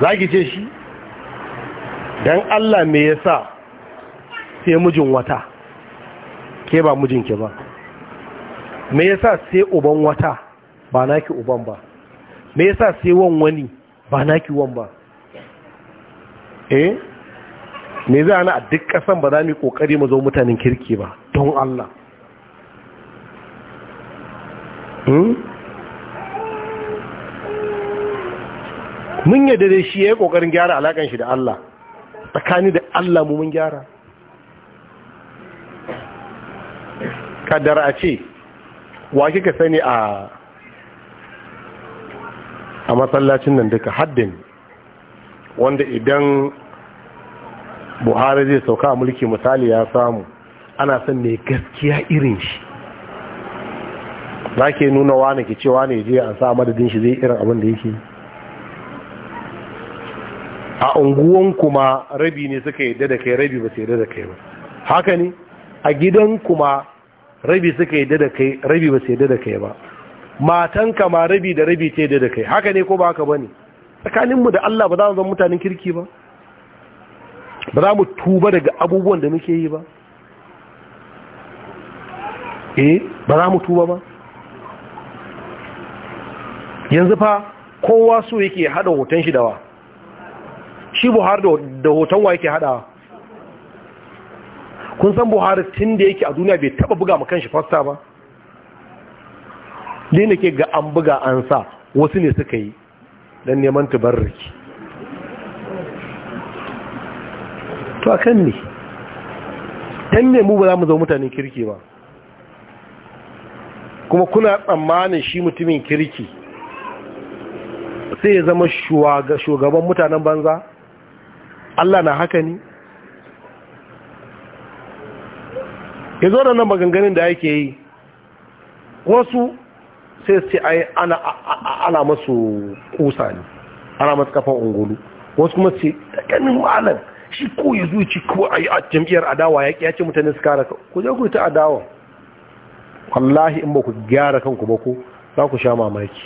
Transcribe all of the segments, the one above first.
za ki ce shi don allah me sa sai mijin wata ke ba mijinki ba me sa sai uban wata ba naki uban ba me sa sai wan wani ba naki wan ba eh me za na a duk kasan ba za mu kokari mu zo mutanen kirki ba don Allah hmm mun yadda da shi ya yi ƙoƙarin gyara alaƙan shi da Allah tsakani da Allah mu mun gyara kadar a ce wa kika sani a a masallacin nan duka haddin wanda idan buhari zai sauka a mulki misali ya samu ana son mai gaskiya irin shi za ke nuna wane ke cewa ne je an sa madadin shi zai irin abin da yake yi a unguwan kuma rabi ne suka yadda da kai rabi ba su yadda da kai ba haka ne a gidan kuma rabi suka yadda da kai rabi ba su yadda da kai ba matan kama rabi da rabi ta yadda da kai haka ne ko ba haka ba ne tsakaninmu da Allah ba za mu zama mutanen kirki ba ba za mu tuba daga abubuwan da muke yi ba eh ba za mu tuba ba yanzu fa kowa so yake hada hoton shi da wa? shi buhari da hoton wa yake hada kun san buhari tun da yake a duniya bai taba buga ma shi fasta ba dai nake ga an buga an sa wasu ne suka yi don neman tubarriki to a kan ne don nemu ba za mu zo mutanen kirki ba kuma kuna tsammanin shi mutumin kirki sai ya zama shugaban mutanen banza Allah na haka ne ya zo da nan maganganin da yake yi wasu sai su ce ana masu kusa ne ana masu kafan ungulu wasu kuma ce ganin malam shi ko yi zuci ko a yi a jam'iyyar adawa ya ce mutane su kara ku je ku ta adawa wallahi in ba ku gyara kanku ba ku za ku sha mamaki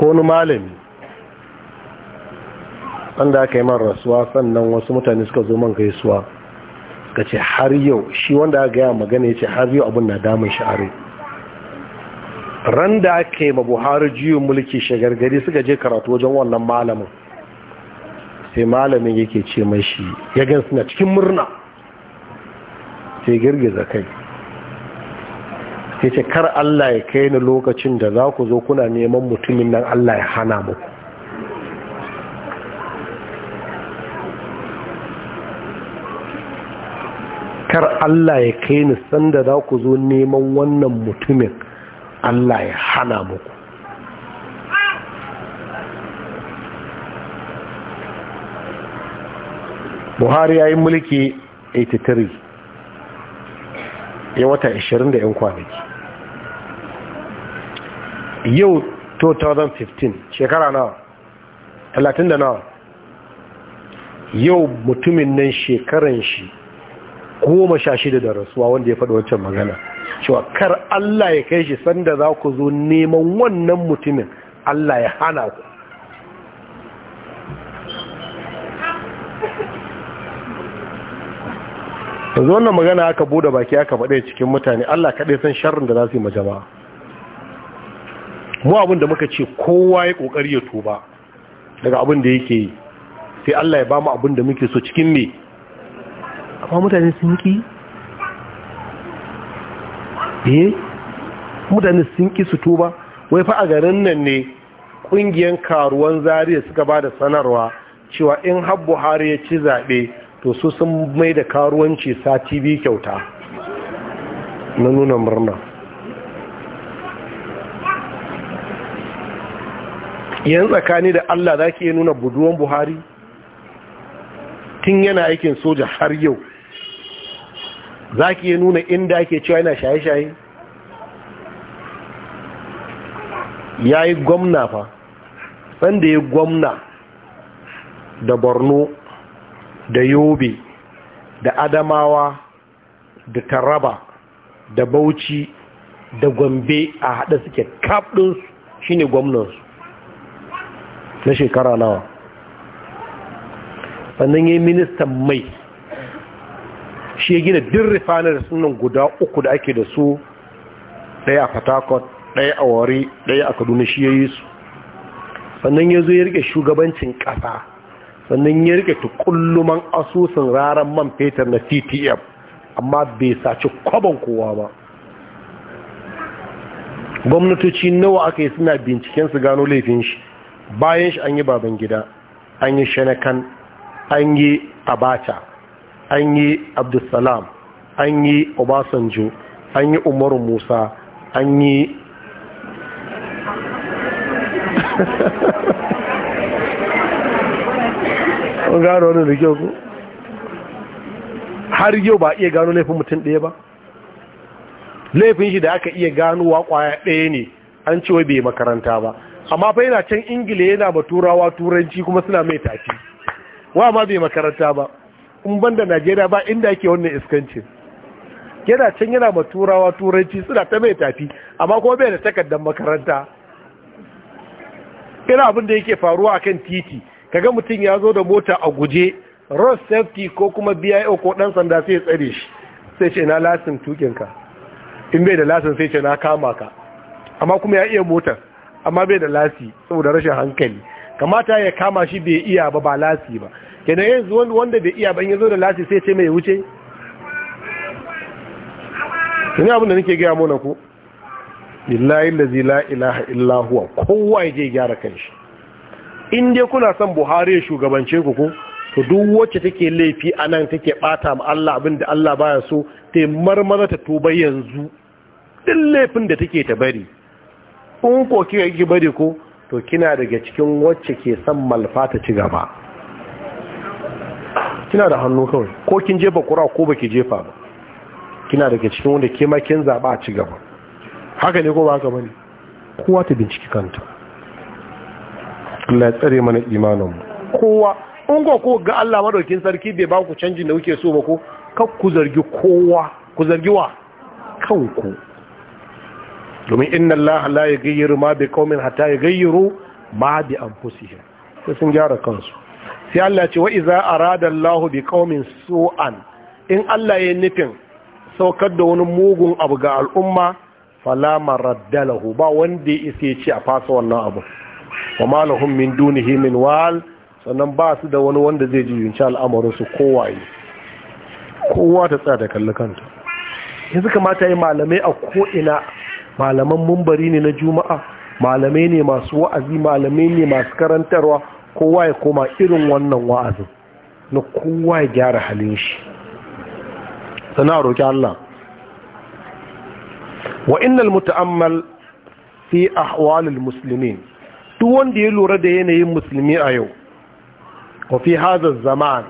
ko wani malami da aka yi man rasuwa sannan wasu mutane suka zo man gaisuwa Ka ce har yau shi wanda aka gaya magana ya ce har yau abin na damun sha'ari ran da aka yi ma buhari juyin mulki shagargari suka je karatu wajen wannan malamin sai malamin yake ce mai shi ya gan suna cikin murna sai girgiza kai sai ce kar allah ya kai ni lokacin da za ku zo kuna neman mutumin nan allah ya hana muku kar Allah ya kai ni sanda za ku zo neman wannan mutumin Allah ya hana muku buhari ya yi mulki 83 ya wata 20 da 'yan kwanaki yau 2015 shekara nawa 30 da nawa yau mutumin nan shekaran shi goma sha shida da rasuwa wanda ya faɗi wancan magana cewa kar Allah ya kai shi sanda za ku zo neman wannan mutumin Allah ya hana ku yanzu wannan magana aka bude baki aka faɗe cikin mutane Allah kaɗai san sharrin da za su yi majama'a mu abin da muka ce kowa ya ƙoƙari ya tuba daga abin da yake yi sai Allah ya ba mu abin da muke so cikin me amma mutane sun ki eh, mutane sun ƙi su tuba wai fa a garin nan ne ƙungiyar karuwan zariya suka ba da sanarwa cewa in har buhari ya ci zaɓe to su sun mai da karuwanci sati biyu kyauta na nuna murna yan tsakani da allah za ki nuna buduwan buhari tun yana aikin soja har yau za ki yi nuna inda ake cewa yana shaye-shaye ya yi gwamna fa wanda ya gwamna da borno da yobe da adamawa da taraba da bauchi da gombe a hada suke kaɗinsu shi ne gwamnansu na shekara nawa sannan ya yi ministan mai shi gina din da sunan guda uku da ake da su ɗaya a fatakot ɗaya a wari ɗaya a kaduna shi ya yi su sannan ya zo ya rike shugabancin ƙasa sannan ya rike tukulluman asusun raran man fetur na ttm amma bai saci kwabon kowa ba gwamnatoci nawa aka yi suna binciken su gano laifin shi bayan shi an yi baban gida an yi shanakan an yi abacha an yi abdulsalam an yi obasanjo an yi umaru musa an yi gano wani da kyau har yau ba iya gano laifin mutum ɗaya ba laifin shi da aka iya ganowa kwaya ɗaya ne an ce bai makaranta ba amma fa yana can ingila yana ba turawa turanci kuma suna mai tafi wa ma bai makaranta ba in da najeriya ba inda yake wannan iskancin yana can yana ma turawa turanci suna ta mai tafi amma kuma bai da takardar makaranta ina abin da yake faruwa akan titi kaga mutum ya zo da mota a guje road safety ko kuma bio ko dan sanda sai ya tsare shi sai ce na lasin tukinka in bai da lasin sai ce na kama ka amma kuma ya iya motar amma bai da lasi saboda rashin hankali kamata ya kama shi bai iya ba ba lasi ba kenan yanzu wanda bai iya ba in yazo da lasi sai ce mai wuce tuni abin da nake gaya mana ku billahi da zila ilaha illa huwa ya je gyara kanshi in dai kuna son buhari ya shugabance ku ko to duk wacce take laifi a nan take bata ma Allah abinda Allah baya so ta marmara ta tuba yanzu duk laifin da take ta bari in ko kika bari ko to kina daga cikin wacce ke son malfa ta ci gaba kina da hannu kawai ko kin jefa kura ko baki jefa ba kina daga cikin wanda ke makin zaba a ci gaba haka ne ko ba haka bane kowa ta binciki kanta Allah ya tsare mana imanin kowa in ko ko ga Allah madaukin sarki bai ba ku canjin da kuke so ba ko kar ku zargi kowa ku zargi wa kanku domin inna Allah la yughayyiru ma bi qaumin hatta yughayyiru ma bi anfusihim sai sun gyara kansu sai Allah ce wa idza arada Allah bi qaumin su'an in Allah ya nufin saukar da wani mugun abu ga al'umma fala maraddalahu ba wanda ya ce a fasa wannan abu wa ma lahum min dunihi min wal sannan ba su da wani wanda zai ji yunci al'amarinsu kowaye kowa ta tsada kalli kanta yanzu kamata yi malamai a ko'ina malaman mumbari ne na juma'a malamai ne masu wa'azi malamai ne masu karantarwa kowa ya koma irin wannan wa'azin na kowa ya gyara halin shi sana roƙi Allah wa innal muta'ammal fi ahwalil muslimin duk wanda ya lura da yanayin musulmi a yau wa fi hadha zaman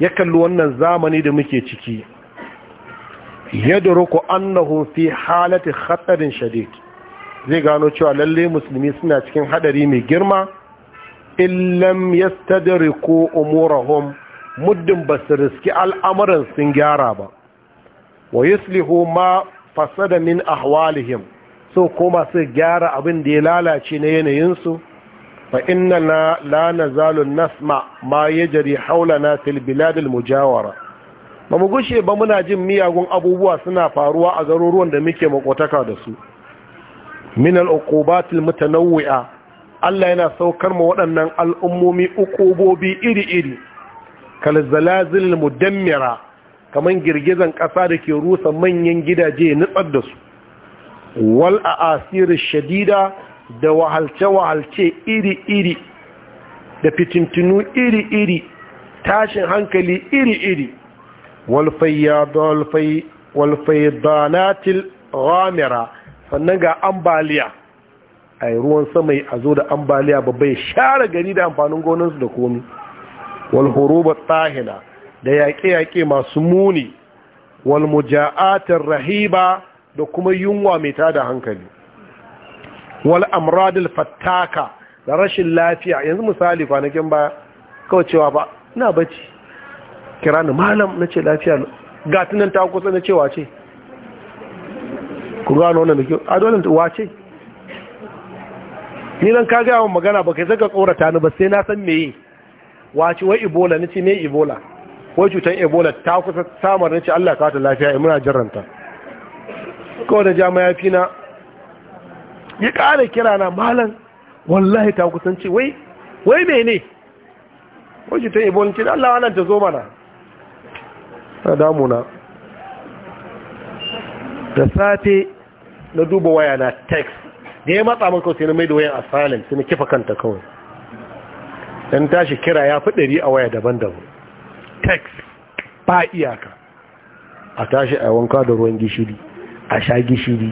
ya kalli wannan zamani da muke ciki yadruku annahu fi halati khatarin shadid zai gano cewa lalle musulmi suna cikin hadari mai girma illam yastadriku umurahum muddin basu su riski al'amuran sun gyara ba wa yuslihu ma fasada min ahwalihim so koma su gyara abin da ya lalace na yanayinsu fa inna la nazalu nasma ma yajri hawlana fil biladil mujawara ba mu gushe ba muna jin miyagun abubuwa suna faruwa a garuruwan da muke makotaka da su min al'uqubatil mutanawwi'a Allah yana saukar ma waɗannan al'ummomi uqubobi iri-iri kal zalazil mudammira kaman girgizan ƙasa da ke rusa manyan gidaje nutsar da su wal a'asir shadida da wahalce-wahalce iri-iri da fitintinu iri-iri tashin hankali iri-iri walfaidanatil ramira sannan ga ambaliya a ruwan sama a zo da ambaliya ba bai share gari da amfanin gonansu da komi walhurubar tahina da yaƙe-yaƙe masu muni walmuja'atar rahiba da kuma yunwa mai tada hankali wal'amradil fattaka da rashin lafiya yanzu misali kwanakin ba kawai cewa ba ina bacci kira ni malam na ce lafiya ga tunan ta kusa na ce wace ku gano wannan da ke a dole wace ni nan ka gaya wa magana ba kai saka tsorata ni ba sai na san meye wace wai Ebola ni ce me Ebola? wai cutar Ebola ta kusa samar ce Allah ka ta lafiya ai muna jarranta ko da jama ya fi na ya kare kira na malam wallahi ta kusanci wai wai mene wai Ebola ibola ce Allah wannan ta zo mana na damuna da safe na duba waya na text da ya matsa man kawai sai na mai da wayan asalin sai na kifa kanta kawai dan tashi kira ya fi ɗari a waya daban-daban text ba iyaka a tashi a wanka da ruwan gishiri a sha gishiri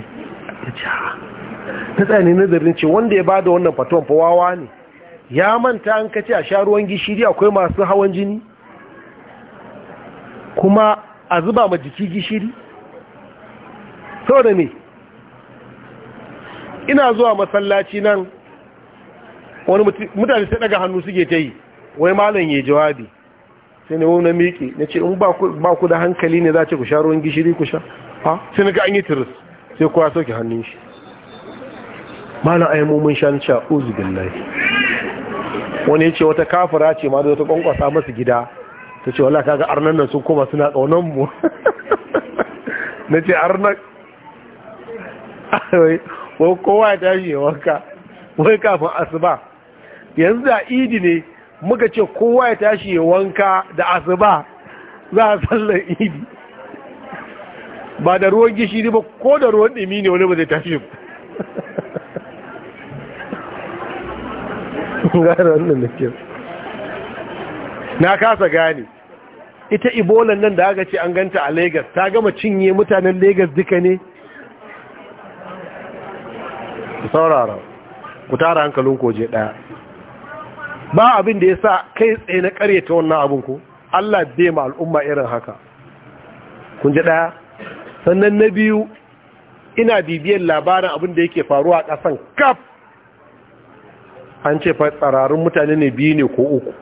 ta tsaye nazarin ce wanda ya bada wannan fatuwan fawawa ne ya manta an kace a sha ruwan gishiri akwai masu hawan jini kuma a zuba ma jiki gishiri so da ne ina zuwa masallaci nan wani mutane sai daga hannu suke ta yi wai malam ya jawabi sai ne wani miki na ce in ba ku da hankali ne za ce ku sha ruwan gishiri ku sha ha sai na ga an yi tiris sai kuwa sauke hannun shi malam yi mummun shan sha uzu billahi wani ya ce wata kafira ce ma da ta kwankwasa masu gida ta ce wala kaga arnan nan sun koma suna ƙaunan mu na ce arnan wai kowa ya tashi ya wanka wai kafin asuba yanzu da idi ne muka ce kowa ya tashi ya wanka da asuba za a sallar idi ba da ruwan gishiri ba ko da ruwan ɗimi ne wani ba zai tashi ba na kasa gani ita ibolan nan da aka ce an ganta a Legas ta gama cinye mutanen Legas duka ne saurara ku tara hankalin koje daya ba abin da ya sa kai tsaye na karyata wannan abin ku Allah bai ma al'umma irin haka kun ji daya sannan na biyu ina bibiyar labarin abin da yake faruwa a ƙasan kaf an ce fa tsararun mutane ne biyu ne ko uku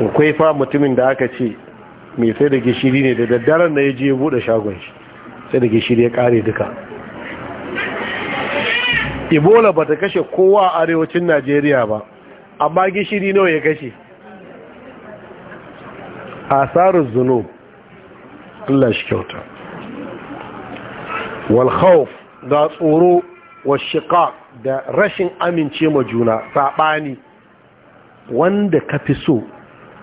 akwai fa mutumin da aka ce mai sai da gishiri ne da daddaren da ya je bude shagon shi sai da gishiri ya kare duka ebola ba ta kashe kowa a arewacin najeriya ba amma gishiri nawa ya kashe asarar zuno allah shi kyauta walhauf da tsoro wa shiƙa da rashin amince ma juna saɓani wanda ka fi so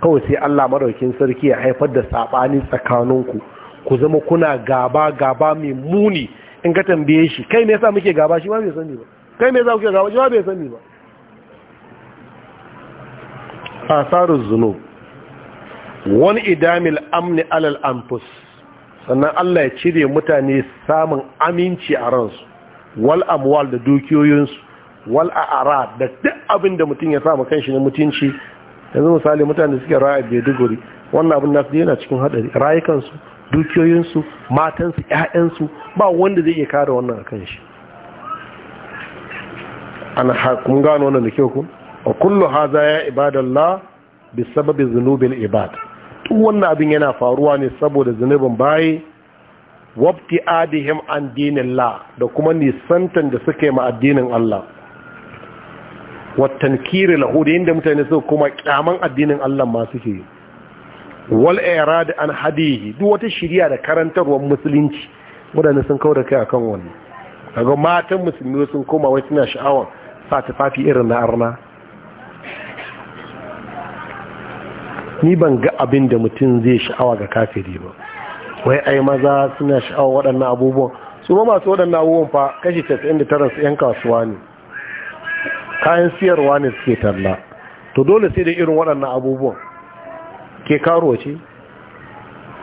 kawai sai Allah maraukin sarki ya haifar da saɓani tsakaninku ku zama kuna gaba gaba mai muni in ka tambaye shi kai me yasa muke gaba shi ma bai sani ba kai me yasa muke gaba shi ma bai sani ba tsarin zunub wani idamil amni alal anfus sannan Allah ya cire mutane samun aminci a ransu wal amwal da dukiyoyinsu wal a'ara da duk abin da mutum ya samu kanshi na mutunci yanzu misali mutane suke raya Maiduguri wannan abin nasu yana cikin hadari rayukansu dukiyoyinsu matansu ƴaƴansu ba wanda zai iya kare wannan akan shi ana hakun gano wannan da kyau ku wa kullu hadha ya ibadallah bi sababi dhunubil ibad duk wannan abin yana faruwa ne saboda zunubin bayi wabti adihim an dinin la da kuma nisantan da suke ma addinin Allah wattankiri lahu da yadda mutane suka kuma kyaman addinin Allah ma suke wal irad an hadihi duk wata shiriya da karantarwar musulunci wadanda sun kawo da kai akan wani. kaga matan musulmi sun koma wai suna sha'awar sa tufafi irin na arna ni ban ga abin da mutum zai sha'awa ga kafiri ba wai ai maza suna sha'awa waɗannan abubuwan su ma masu waɗannan abubuwan fa kashi 99 su 'yan kasuwa ne kayan siyarwa ne suke talla to dole sai da irin waɗannan abubuwan ke karo ce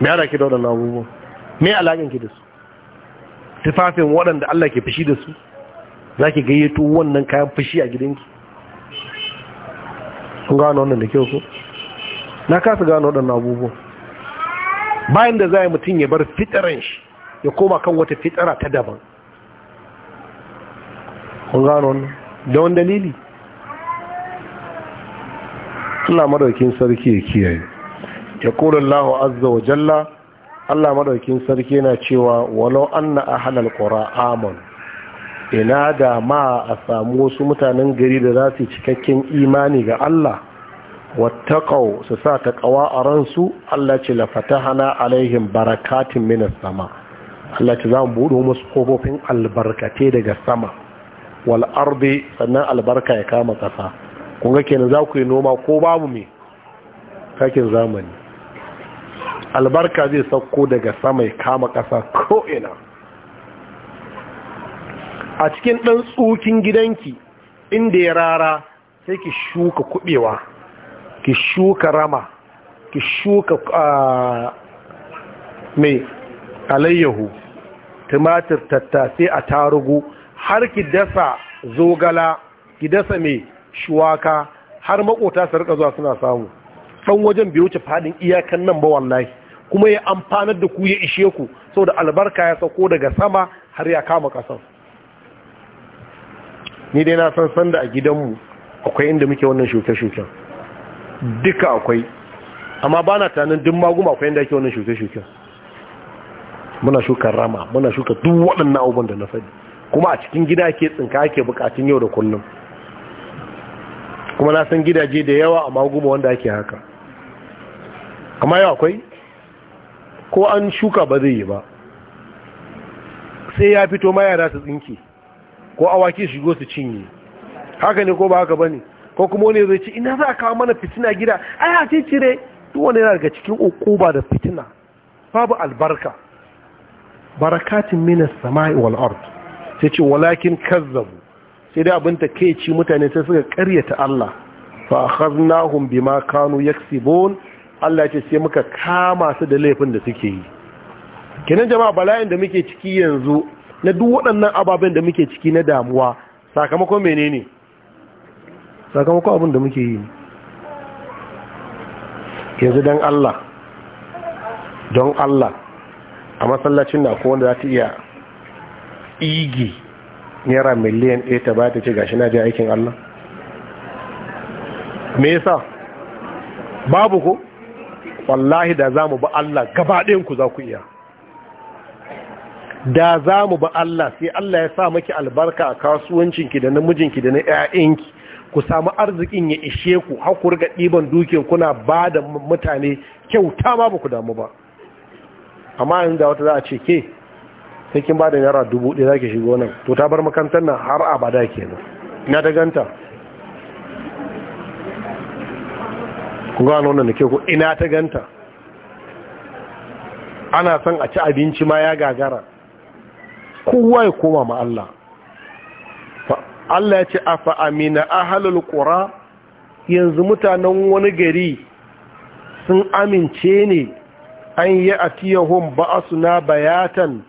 me ana ke da waɗannan abubuwan me alaƙin ki da su tufafin waɗanda Allah ke fushi da su za ki gayyato wannan kayan fushi a gidanki kun gano wannan da kyau ko na kasa gano waɗannan abubuwan bayan da za yi mutum ya bar fitaran shi ya koma kan wata fitara ta daban kun gano wannan da wani dalili Allah madaukin sarki ya kiyaye ya kula Allah azza wa jalla Allah madaukin sarki yana cewa walau anna ahlal qura aman ina da ma a samu wasu mutanen gari da za su cikakken imani ga Allah wattaqau su sa ta taqwa a ransu Allah ce la fatahana alaihim barakatin minas sama Allah ce za mu buɗe musu kofofin albarkate daga sama wal ardi sannan albarka ya kama kasa kun ga kenan za ku yi noma ko babu me takin zamani albarka zai sauko daga sama ya kama kasa ko ina a cikin ɗan tsokin gidanki inda ya rara sai ki shuka kuɓewa ki shuka rama ki shuka mai alayyahu tumatir tattasai a tarugu har ki dasa zogala ki dasa mai shuwaka har makota su rika zuwa suna samu ɗan wajen bai wuce fadin iyakan nan ba wallahi kuma ya amfanar da ku ya ishe ku saboda albarka ya sauko daga sama har ya kama kasan ni dai na san sanda a gidanmu akwai inda muke wannan shuke-shuken duka akwai amma ba na tanin duk maguma akwai inda ake wannan shuke-shuken muna shuka rama muna shuka duk waɗannan abubuwan da na faɗi kuma a cikin gida ke tsinka ake bukatun yau da kullum kuma na san gidaje da yawa a maguma wanda ake haka amma yau akwai ko an shuka ba zai yi ba sai ya fito ma yara su tsinki, ko awaki shigo su cinye haka ne ko ba haka ba ne? ko kuma wani zai ci ina za a kawo mana fitina gida ai a cire duk wani yana daga cikin ba da fitina babu albarka barakatin minas sama'i wal'ardu sai ce walakin kazzabu sai dai abin ci mutane sai suka karyata Allah fa akhadnahum bima kanu yaksibun Allah ya ce sai muka kama su da laifin da suke yi kenan jama'a bala'in da muke ciki yanzu na duk waɗannan ababen da muke ciki na damuwa sakamakon menene sakamakon abin da muke yi yanzu don Allah don Allah a masallacin na wanda za ta iya igi naira miliyan ɗaya ta ba ta ce gashi na je aikin Allah me yasa babu ku? wallahi da za mu ba Allah gaba ku za ku iya da za mu ba Allah sai Allah ya sa maki albarka a kasuwancinki da namijinki da na 'ya'yanki ku samu arzikin ya ishe ku haku riga ɗiban dukin kuna ba da mutane kyauta ma ba ku damu ba amma yanzu da wata za a ce ke sai kin bada naira dubu ɗaya zaki shigo nan to ta bar makarantar nan har abada kenan ina ta ganta ku ga wannan nake ku ina ta ganta ana son a ci abinci ma ya gagara kowa ya koma ma Allah Allah ya ce afa amina ahalul qura yanzu mutanen wani gari sun amince ne an yi atiyahum ba'asuna bayatan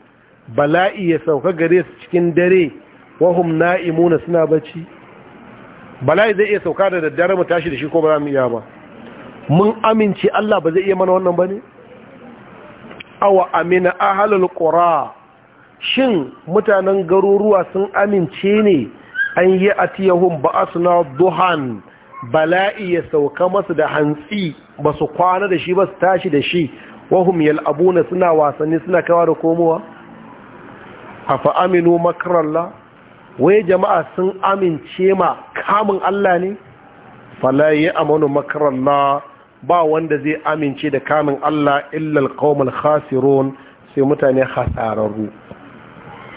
bala'i ya sauka gare su cikin dare wahum na'imuna suna bacci bala'i zai iya sauka da daddare mu tashi da shi ko ba za mu iya ba mun amince Allah ba zai iya mana wannan ba ne awa amina ahlul qura shin mutanen garuruwa sun amince ne an yi atiyahum ba'asna duhan bala'i ya sauka masu da hantsi ba su kwana da shi ba su tashi da shi wahum yal'abuna suna wasanni suna kawa da komowa hafa aminu makarallah wai jama'a sun amince ma kamun Allah ne falaye amanu makarallah ba wanda zai amince da kamun Allah illal qaumul khasirun sai mutane hasararru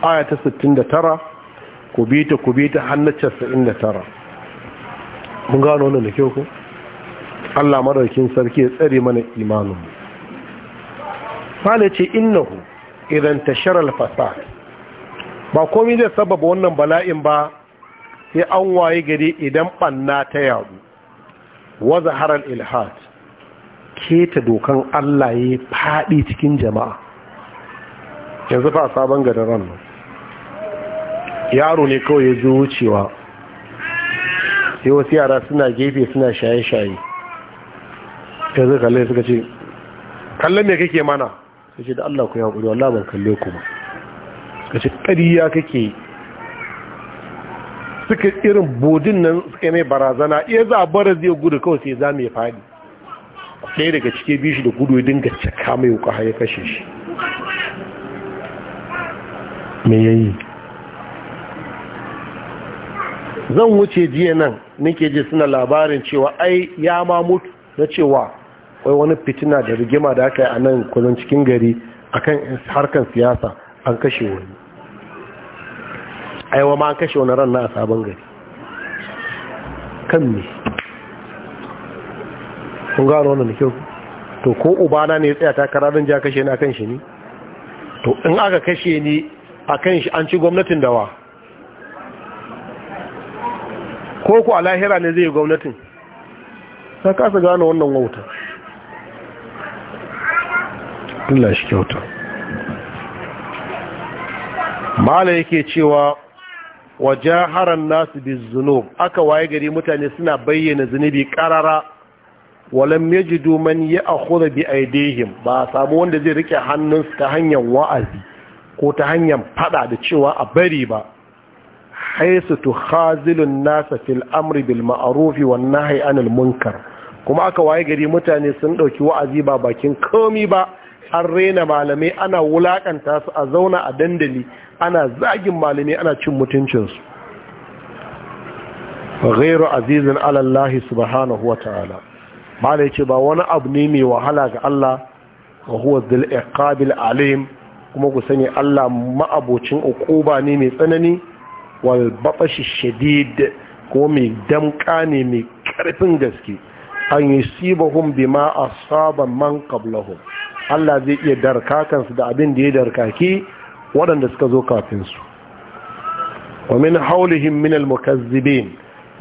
aya ta 69 kubita kubita hannacin 99 mun gano wannan da kyau ko Allah madaukin sarki ya tsare mana imanin mu fala ce innahu idan tashara al-fasad ba komi zai sababa wannan bala'in ba sai an waye gari idan banna ta yadu waza haral ilhad keta dokan Allah ya faɗi cikin jama'a yanzu fa sabon garin ran yaro ne kawai ya zo wucewa sai wasu yara suna gefe suna shaye-shaye yanzu kalle suka ce kalle me kake mana sai ce da Allah ku ya haƙuri wallah ban kalle ku ba ka ce ƙariya kake suka irin bodin nan suka mai barazana iya za a bara zai gudu kawai sai za mai faɗi ɗaya daga cike bishi da gudu ya ga cika mai wuka ya kashe shi me yayi zan wuce jiya nan nake ji suna labarin cewa ai ya ma mutu na cewa wai wani fitina da rigima da aka yi a nan kusan cikin gari akan harkan siyasa an kashe wani aiwa ma an kashe wani ran na a sabon gari kan ne sun gano wannan da kyau to ko ubana ne ya tsaya takara don ja kashe ni a kan shi ne to in aka kashe ni a kan shi an ci gwamnatin dawa ko ku a lahira ne zai yi gwamnatin ta kasa gano wannan wauta Allah shi kyauta mala yake cewa wa jaharan nasu bizunub aka waye gari mutane suna bayyana zunubi karara walam yajidu man ya'khudha bi aydihim ba a samu wanda zai rike hannunsu ta hanyar wa'azi ko ta hanyar fada da cewa a bari ba haisu tukhazilun nasa fil amri bil ma'ruf wan nahyi anil munkar kuma aka waye gari mutane sun ɗauki wa'azi ba bakin komi ba an rena malamai ana wulaƙanta su a zauna a dandali ana zagin malamai ana cin mutuncinsu ghairu azizin alallahi subhanahu wa ta'ala malai ce ba wani abu ne mai wahala ga Allah wa huwa zil iqabil alim kuma ku sani Allah ma'abocin uquba ne mai tsanani wal batashi shadid kuma mai damka ne mai karfin gaske an yusibahum bima asaba man qablahum Allah zai iya darkakansu da abin da ya darkaki waɗanda suka zo kafinsu wa min haulihim min mukazzibin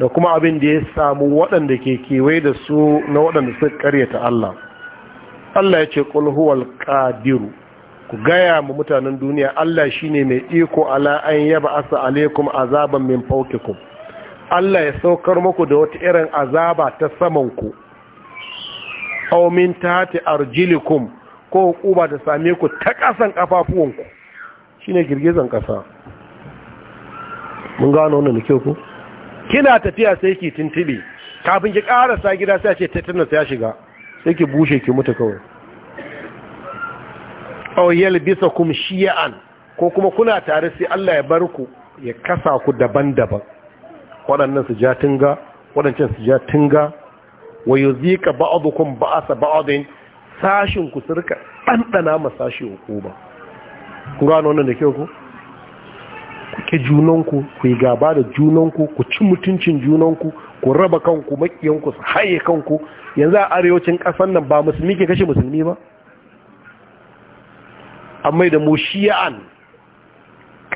da kuma abin da ya samu waɗanda ke kewaye da su na waɗanda suka karyata Allah Allah ya ce qul huwal ku gaya mu mutanen duniya Allah shine mai iko ala an yaba asa alaikum azaban min fawqikum Allah ya saukar muku da wata irin azaba ta samanku aw min tahti arjilikum ko hukuma ta same ku ta ƙasan ƙafafuwanku ne girgizan ƙasa mun gano wannan kyau ku kina tafiya sai ki tintibi kafin ki sa gida sai ce tetanus ya shiga sai ki bushe ki mutu kawai aw yalbisa kum shi'an ko kuma kuna tare sai Allah ya bar ku ya kasa ku daban-daban waɗannan su ja tunga waɗancan su ja tunga wa yuzika ba'dukum ba'sa ba'din sashin ku su ɗanɗana ma sashi hukuma ku gano wannan da kyau ku ku ke junanku ku yi gaba da junanku ku ci mutuncin junanku ku raba kanku makiyanku su haye kanku yanzu a arewacin ƙasar nan ba musulmi ke kashe musulmi ba amma da mu shi'an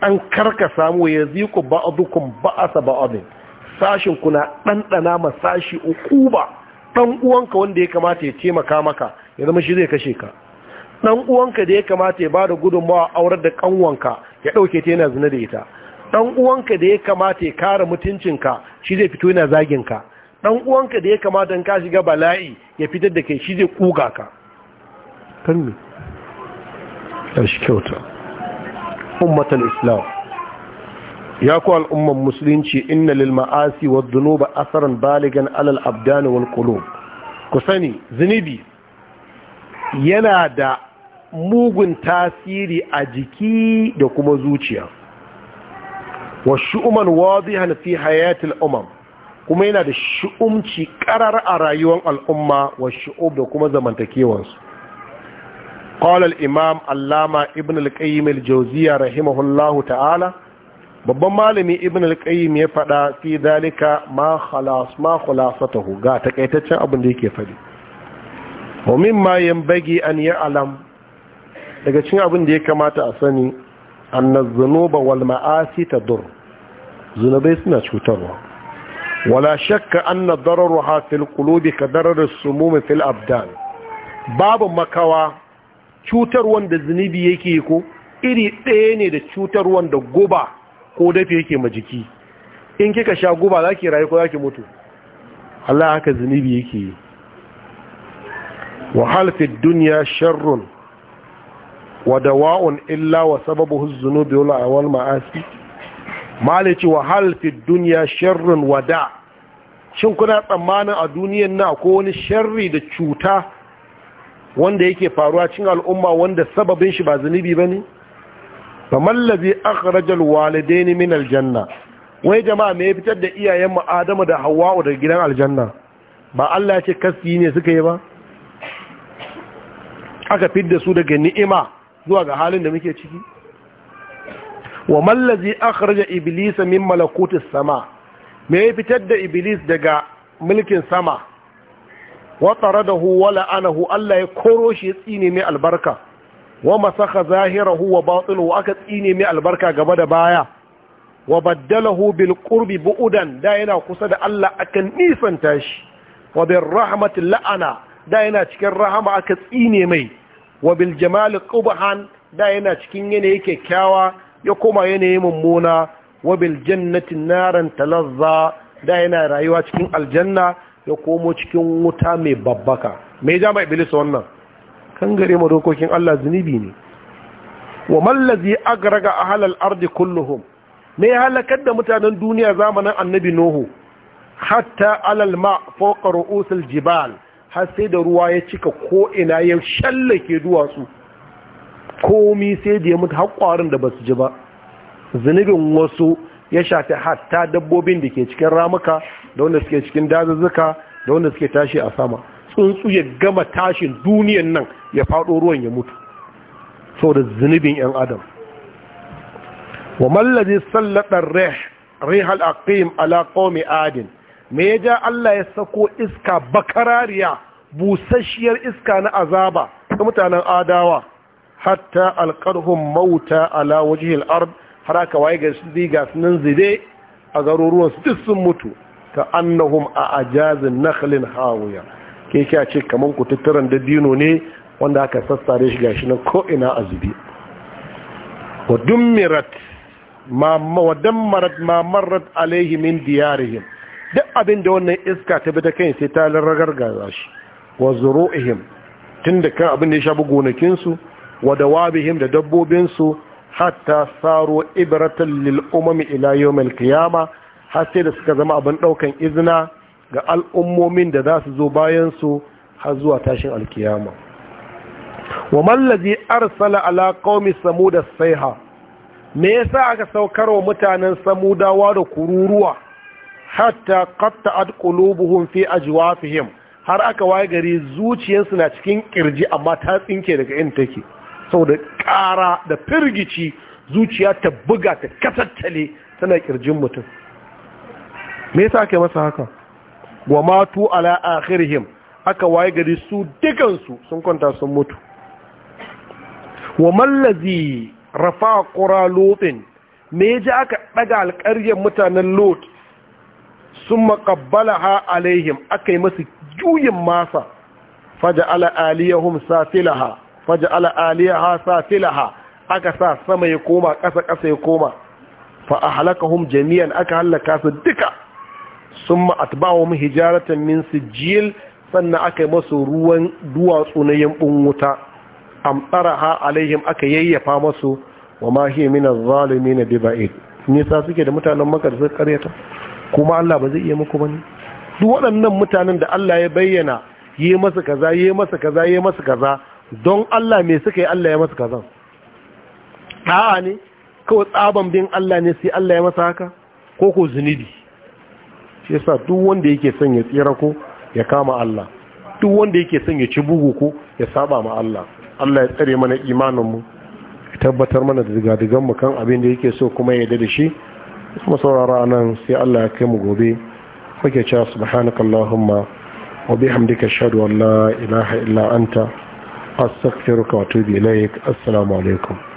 an karka samu ya ziku ba ba'asa ba'adin sashin kuna ɗanɗana ma sashi ba. ɗan uwanka wanda ya kamata ya taimaka maka ya zama shi zai kashe ka dan uwanka da ya kamata ya bada gudunmawa aurar da kanwanka ya dauke ta yana zina da ita dan uwanka da ya kamata ya kare mutuncinka shi zai fito yana zagin ka dan uwanka da ya kamata in ka shiga bala'i ya fitar da kai shi zai kuga ka kan me shi kyauta ummatul islam ya ku al'umman musulunci inna lil ma'asi wadh-dhunuba asaran baligan alal abdani wal qulub ku sani zunubi yana da mugun tasiri a jiki da kuma zuciya wa shu'uman wadihan fi hayatul umam kuma yana da shu'umci karar a rayuwar al'umma wa shu'ub da kuma zamantakewansu imam allama Ibn al-qayyim al-jawziya rahimahullahu ta'ala, babban malami ibn al-qayyim ya faɗa fi dalika ma khalas ma khulasatuhu ga takaitaccen abin da yake faɗi wa bage yanbaghi an alam daga cikin abin da ya kamata a sani anna dhunuba wal ma'asi tadur zunubai suna cutarwa wala shakka anna dararuha fil qulubi ka darar sumum fil abdan babu makawa cutar wanda zunubi yake ko iri ɗaya ne da cutar wanda guba ko dafi yake ma jiki in kika sha guba zaki rayu ko zaki mutu Allah haka zunubi yake yi wa halfin duniya sharrun wa dawa'un illa wa sababu huzzunu biyu awal ma'asi malici wa halfin duniya sharrun wada shin kuna tsammanin a duniyan na ko wani sharri da cuta wanda yake faruwa cikin al'umma wanda sababin shi ba zunubi ba ne? ba mallabi akhrajal walidaini aljanna wai jama'a me ya fitar da iyayen mu Adamu da Hawwa'u daga gidan aljanna ba Allah ya ce ne suka yi ba aka fidda su daga ni'ima zuwa ga halin da muke ciki wa mallazi akhraja iblisa min malakutis sama me ya fitar da iblis daga mulkin sama wa taradahu wa la'anahu Allah ya koroshi ya tsine mai albarka wa masakha zahirahu wa batinuhu aka tsine mai albarka gaba da baya wa baddalahu bil qurbi bu'udan da yana kusa da Allah akan nisan tashi. wa bir rahmatil la'ana da yana cikin rahama aka tsine mai wa bil jamal qubhan da yana cikin yanayi kyakkyawa ya koma yanayi mummuna wa bil jannati naran talazza da yana rayuwa cikin aljanna ya komo cikin wuta mai babbaka me ya mai iblis wannan kan gare mu dokokin Allah zunubi ne wa ladhi agraga al ardi kulluhum ya halakar da mutanen duniya zamanin annabi nuhu hatta alal ma fawqa ru'usil jibal har sai da ruwa ya cika ko ina ya shallake duwatsu komi sai da ya mutu har da ba su ji ba zunubin wasu ya shafi hatta dabbobin da ke cikin ramuka da wanda suke cikin dazuzzuka da wanda suke tashi a sama tsuntsu ya gama tashin duniyan nan ya faɗo ruwan ya mutu da zunubin 'yan adam wa mallazi sallaɗar rih rihal aqim ala qaumi adin me ya ja Allah ya sako iska bakarariya busasshiyar iska na azaba ga mutanen adawa hatta alqarhum mauta ala wajhi al-ard haraka waye ga diga sunan zide a garuruwan su duk sun mutu ka annahum a ajazin nakhlin hawiya ke kya ce kaman kututturan da dino ne wanda aka sassare shi gashi nan ko ina azubi wa dummirat ma dammarat ma marrat alaihim min diyarihim duk abin da wannan iska ta bi ta kai sai ta ragargaza shi wa zuru'ihim tunda kan abin da ya shafi gonakin su wa dawabihim da dabbobin su hatta saro ibratan lil umam ila yawmil qiyama har sai da suka zama abin daukan izina ga al'ummomin da za su zo bayan su har zuwa tashin alkiyama wa mallazi arsala ala qaumi samud as-sayha me yasa aka saukar wa mutanen samudawa da kururuwa hatta ad qulubuhum fi ajwafihim har aka waye gari zuciyarsu na cikin kirji amma ta tsinke daga in take saboda ƙara da firgici zuciya ta buga ta katattale tana kirjin mutum me yasa aka masa haka wa matu ala akhirihim aka waye gari su su sun kwanta sun mutu wa mallazi rafa qura lutin me ji aka daga alƙaryar mutanen lot sun maƙabbala ha alaihim aka yi masu juyin masa faja ala aliyahum safilaha faja ala safilaha aka sa sama ya koma ƙasa ƙasa ya koma fa a halakahum jami'an aka halaka su duka sun ma'atbahum hijaratan min sijil sannan aka yi masu ruwan duwatsu na yankun wuta amtsara ha alaihim aka yayyafa masu wa ma hiya min nisa suke da mutanen makar sun karyata kuma Allah ba zai iya muku bane duk waɗannan mutanen da Allah ya bayyana yi masa kaza yi masa kaza yi masa kaza don Allah me suka yi Allah ya masa kaza Aa ne kawai tsaban bin Allah ne sai Allah ya masa haka ko ko zunubi shi yasa duk wanda yake son ya tsira ko ya kama Allah duk wanda yake son ya ci bugu ko ya saba ma Allah Allah ya tsare mana imanin mu tabbatar mana da digadigan mu kan abin da yake so kuma ya yarda da shi kuma saurara nan sai Allah ya kai mu gobe muke cewa subhanaka allahumma wa bihamdika ashhadu an la ilaha illa anta astaghfiruka wa atubu ilaik assalamu alaikum